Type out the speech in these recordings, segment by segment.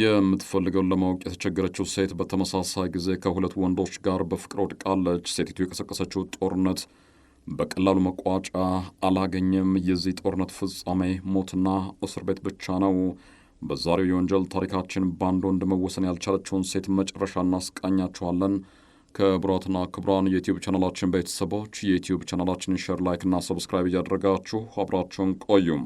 የምትፈልገውን ለማወቅ የተቸገረችው ሴት በተመሳሳይ ጊዜ ከሁለት ወንዶች ጋር በፍቅር ወድቃለች። ሴቲቱ የቀሰቀሰችው ጦርነት በቀላሉ መቋጫ አላገኘም። የዚህ ጦርነት ፍጻሜ ሞትና እስር ቤት ብቻ ነው። በዛሬው የወንጀል ታሪካችን በአንድ ወንድ መወሰን ያልቻለችውን ሴት መጨረሻ እናስቃኛችኋለን። ክቡራትና ክቡራን የዩትዩብ ቻናላችን ቤተሰቦች የዩትዩብ ቻናላችንን ሼር፣ ላይክ እና ሰብስክራይብ እያደረጋችሁ አብራችሁን ቆዩም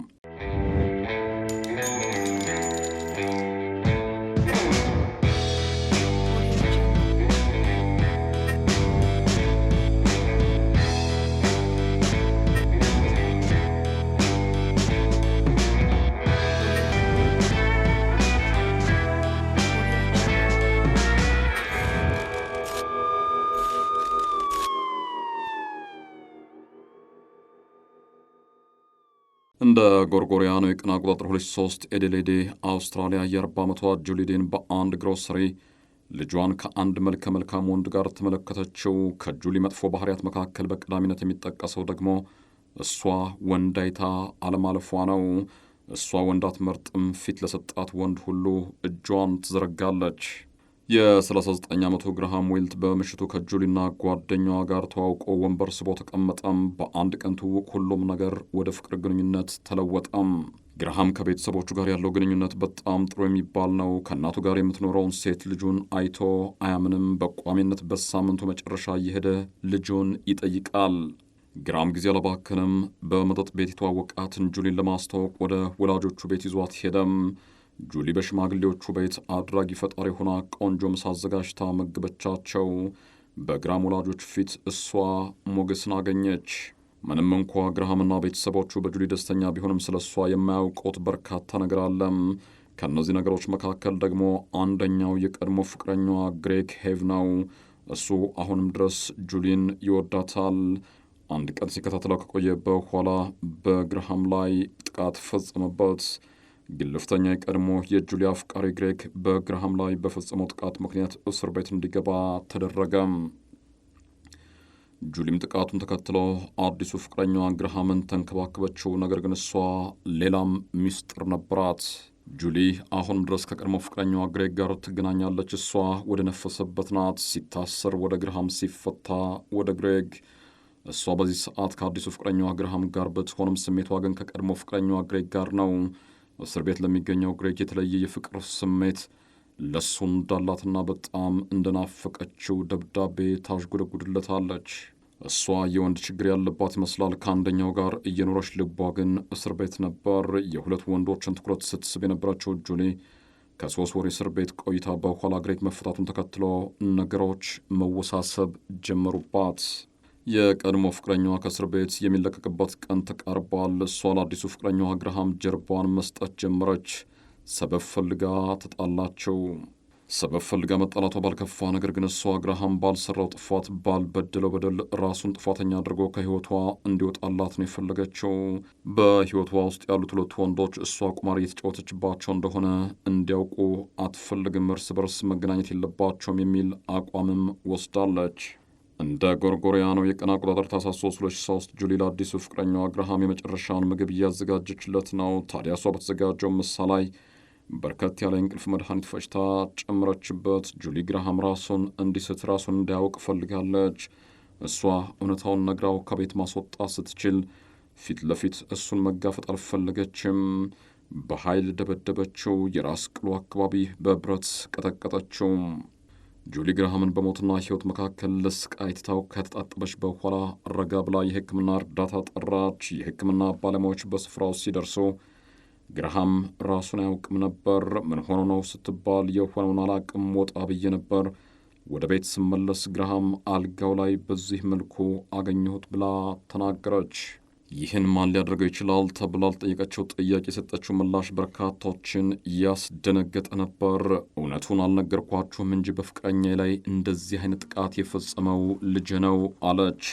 እንደ ጎርጎሪያኑ የቀን አቆጣጠር 2003 ኤዴሌዴ አውስትራሊያ የ40 ዓመቷ ጁሊዲን በአንድ ግሮሰሪ ልጇን ከአንድ መልከ መልካም ወንድ ጋር ተመለከተችው። ከጁሊ መጥፎ ባህሪያት መካከል በቀዳሚነት የሚጠቀሰው ደግሞ እሷ ወንዳይታ አለማለፏ ነው። እሷ ወንዳት መርጥም ፊት ለሰጣት ወንድ ሁሉ እጇን ትዘረጋለች። የ39 ዓመቱ ግርሃም ዌልት በምሽቱ ከጁሊና ጓደኛዋ ጋር ተዋውቆ ወንበር ስቦ ተቀመጠም። በአንድ ቀን ትውውቅ ሁሉም ነገር ወደ ፍቅር ግንኙነት ተለወጠም። ግርሃም ከቤተሰቦቹ ጋር ያለው ግንኙነት በጣም ጥሩ የሚባል ነው። ከእናቱ ጋር የምትኖረውን ሴት ልጁን አይቶ አያምንም። በቋሚነት በሳምንቱ መጨረሻ እየሄደ ልጁን ይጠይቃል። ግራም ጊዜ አላባከንም። በመጠጥ ቤት የተዋወቃትን ጁሊን ለማስተዋወቅ ወደ ወላጆቹ ቤት ይዟት ሄደም። ጁሊ በሽማግሌዎቹ ቤት አድራጊ ፈጣሪ ሆና ቆንጆም ሳዘጋጅታ መግበቻቸው በግራም ወላጆች ፊት እሷ ሞገስን አገኘች። ምንም እንኳ ግርሃምና ቤተሰቦቹ በጁሊ ደስተኛ ቢሆንም ስለ እሷ የማያውቁት በርካታ ነገር አለም። ከእነዚህ ነገሮች መካከል ደግሞ አንደኛው የቀድሞ ፍቅረኛዋ ግሬግ ሄቭ ነው። እሱ አሁንም ድረስ ጁሊን ይወዳታል። አንድ ቀን ሲከታተለው ከቆየ በኋላ በግርሃም ላይ ጥቃት ፈጸመበት። ግልፍተኛ የቀድሞ የጁሊያ አፍቃሪ ግሬክ በግርሃም ላይ በፈጸመው ጥቃት ምክንያት እስር ቤት እንዲገባ ተደረገ። ጁሊም ጥቃቱን ተከትሎ አዲሱ ፍቅረኛዋ ግርሃምን ተንከባከበችው። ነገር ግን እሷ ሌላም ሚስጥር ነበራት። ጁሊ አሁንም ድረስ ከቀድሞ ፍቅረኛዋ ግሬግ ጋር ትገናኛለች። እሷ ወደ ነፈሰበት ናት። ሲታሰር ወደ ግርሃም፣ ሲፈታ ወደ ግሬግ። እሷ በዚህ ሰዓት ከአዲሱ ፍቅረኛዋ ግርሃም ጋር ብትሆንም ስሜቷ ግን ከቀድሞ ፍቅረኛዋ ግሬግ ጋር ነው። እስር ቤት ለሚገኘው ግሬግ የተለየ የፍቅር ስሜት ለሱ እንዳላትና በጣም እንደናፈቀችው ደብዳቤ ታዥጉደጉድለታለች። እሷ የወንድ ችግር ያለባት ይመስላል። ከአንደኛው ጋር እየኖረች ልቧ ግን እስር ቤት ነበር። የሁለት ወንዶችን ትኩረት ስትስብ የነበረችው ጁሊ ከሶስት ወር እስር ቤት ቆይታ በኋላ ግሬግ መፈታቱን ተከትሎ ነገሮች መወሳሰብ ጀመሩባት። የቀድሞ ፍቅረኛዋ ከእስር ቤት የሚለቀቅበት ቀን ተቃርቧል። እሷ ለአዲሱ ፍቅረኛዋ ግርሃም ጀርባዋን መስጠት ጀመረች። ሰበብ ፈልጋ ተጣላቸው። ሰበብ ፈልጋ መጣላቷ ባልከፋ፣ ነገር ግን እሷ ግርሃም ባልሰራው ጥፋት ባልበደለው በደል ራሱን ጥፋተኛ አድርጎ ከህይወቷ እንዲወጣላት ነው የፈለገችው። በህይወቷ ውስጥ ያሉት ሁለቱ ወንዶች እሷ ቁማር እየተጫወተችባቸው እንደሆነ እንዲያውቁ አትፈልግም፣ እርስ በርስ መገናኘት የለባቸውም የሚል አቋምም ወስዳለች። እንደ ጎርጎሪያኑ የቀን አቆጣጠር ታህሳስ 2003 ጁሊ ለአዲሱ ፍቅረኛዋ ግርሃም የመጨረሻውን ምግብ እያዘጋጀችለት ነው። ታዲያ እሷ በተዘጋጀው ምሳ ላይ በርከት ያለ እንቅልፍ መድኃኒት ፈጭታ ጨምረችበት። ጁሊ ግርሃም ራሱን እንዲስት ራሱን እንዳያውቅ ፈልጋለች። እሷ እውነታውን ነግራው ከቤት ማስወጣት ስትችል ፊት ለፊት እሱን መጋፈጥ አልፈለገችም። በኃይል ደበደበችው። የራስ ቅሉ አካባቢ በብረት ቀጠቀጠችው። ጁሊ ግርሃምን በሞትና ሕይወት መካከል ለስቃይ ትታው ከተጣጠበች በኋላ ረጋ ብላ የሕክምና እርዳታ ጠራች። የሕክምና ባለሙያዎች በስፍራው ሲደርሱ ግርሃም ራሱን አያውቅም ነበር። ምን ሆኖ ነው ስትባል የሆነውን አላቅም ወጣ ብዬ ነበር። ወደ ቤት ስመለስ ግርሃም አልጋው ላይ በዚህ መልኩ አገኘሁት ብላ ተናገረች። ይህን ማን ሊያደርገው ይችላል ተብላ ለጠየቀችው ጥያቄ የሰጠችው ምላሽ በርካታዎችን ያስደነገጠ ነበር። እውነቱን አልነገርኳችሁም እንጂ በፍቃኛ ላይ እንደዚህ አይነት ጥቃት የፈጸመው ልጅ ነው አለች።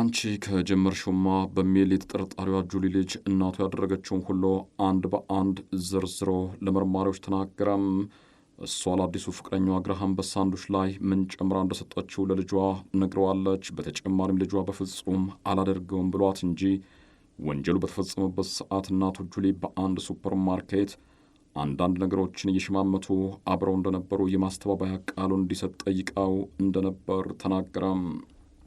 አንቺ ከጀመርሽውማ በሚል የተጠርጣሪዋ ጁሊ ልጅ እናቱ ያደረገችውን ሁሉ አንድ በአንድ ዘርዝሮ ለመርማሪዎች ተናገረም። እሷ ለአዲሱ ፍቅረኛዋ ግርሃም በሳንዱች ላይ ምን ጨምራ እንደሰጠችው ለልጇ ነግረዋለች። በተጨማሪም ልጇ በፍጹም አላደርገውም ብሏት እንጂ ወንጀሉ በተፈጸመበት ሰዓት እናቱ ጁሊ በአንድ ሱፐር ማርኬት አንዳንድ ነገሮችን እየሸማመቱ አብረው እንደነበሩ የማስተባበያ ቃሉን እንዲሰጥ ጠይቃው እንደነበር ተናገረም።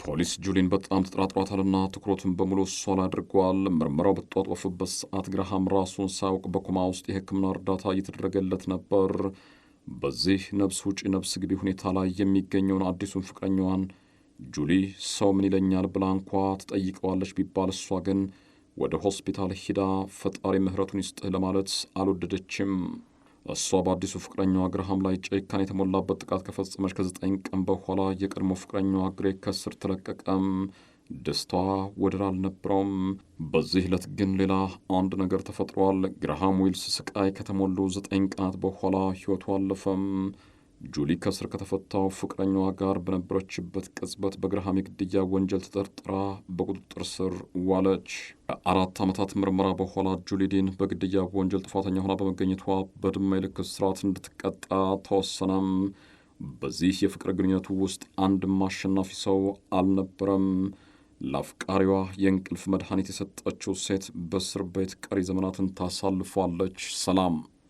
ፖሊስ ጁሊን በጣም ተጠራጥሯታልና ትኩረቱን በሙሉ እሷ ላይ አድርጓል። ምርመራው በተጧጧፈበት ሰዓት ግርሃም ራሱን ሳያውቅ በኮማ ውስጥ የሕክምና እርዳታ እየተደረገለት ነበር። በዚህ ነብስ ውጪ ነፍስ ግቢ ሁኔታ ላይ የሚገኘውን አዲሱን ፍቅረኛዋን ጁሊ ሰው ምን ይለኛል ብላ እንኳ ትጠይቀዋለች ቢባል እሷ ግን ወደ ሆስፒታል ሂዳ ፈጣሪ ምሕረቱን ይስጥህ ለማለት አልወደደችም። እሷ በአዲሱ ፍቅረኛዋ ግርሃም ላይ ጭካኔ የተሞላበት ጥቃት ከፈጸመች ከዘጠኝ ቀን በኋላ የቀድሞ ፍቅረኛዋ ግሬ ከእስር ተለቀቀም። ደስታዋ ወደር አልነበረውም። በዚህ ዕለት ግን ሌላ አንድ ነገር ተፈጥሯል። ግርሃም ዊልስ ስቃይ ከተሞሉ ዘጠኝ ቀናት በኋላ ሕይወቱ አለፈም። ጁሊ ከስር ከተፈታው ፍቅረኛዋ ጋር በነበረችበት ቅጽበት በግርሃም የግድያ ወንጀል ተጠርጥራ በቁጥጥር ስር ዋለች። ከአራት ዓመታት ምርመራ በኋላ ጁሊ ዲን በግድያ ወንጀል ጥፋተኛ ሆና በመገኘቷ በዕድሜ ልክ እስራት እንድትቀጣ ተወሰነም። በዚህ የፍቅር ግንኙነቱ ውስጥ አንድም አሸናፊ ሰው አልነበረም። ለአፍቃሪዋ የእንቅልፍ መድኃኒት የሰጠችው ሴት በእስር ቤት ቀሪ ዘመናትን ታሳልፏለች። ሰላም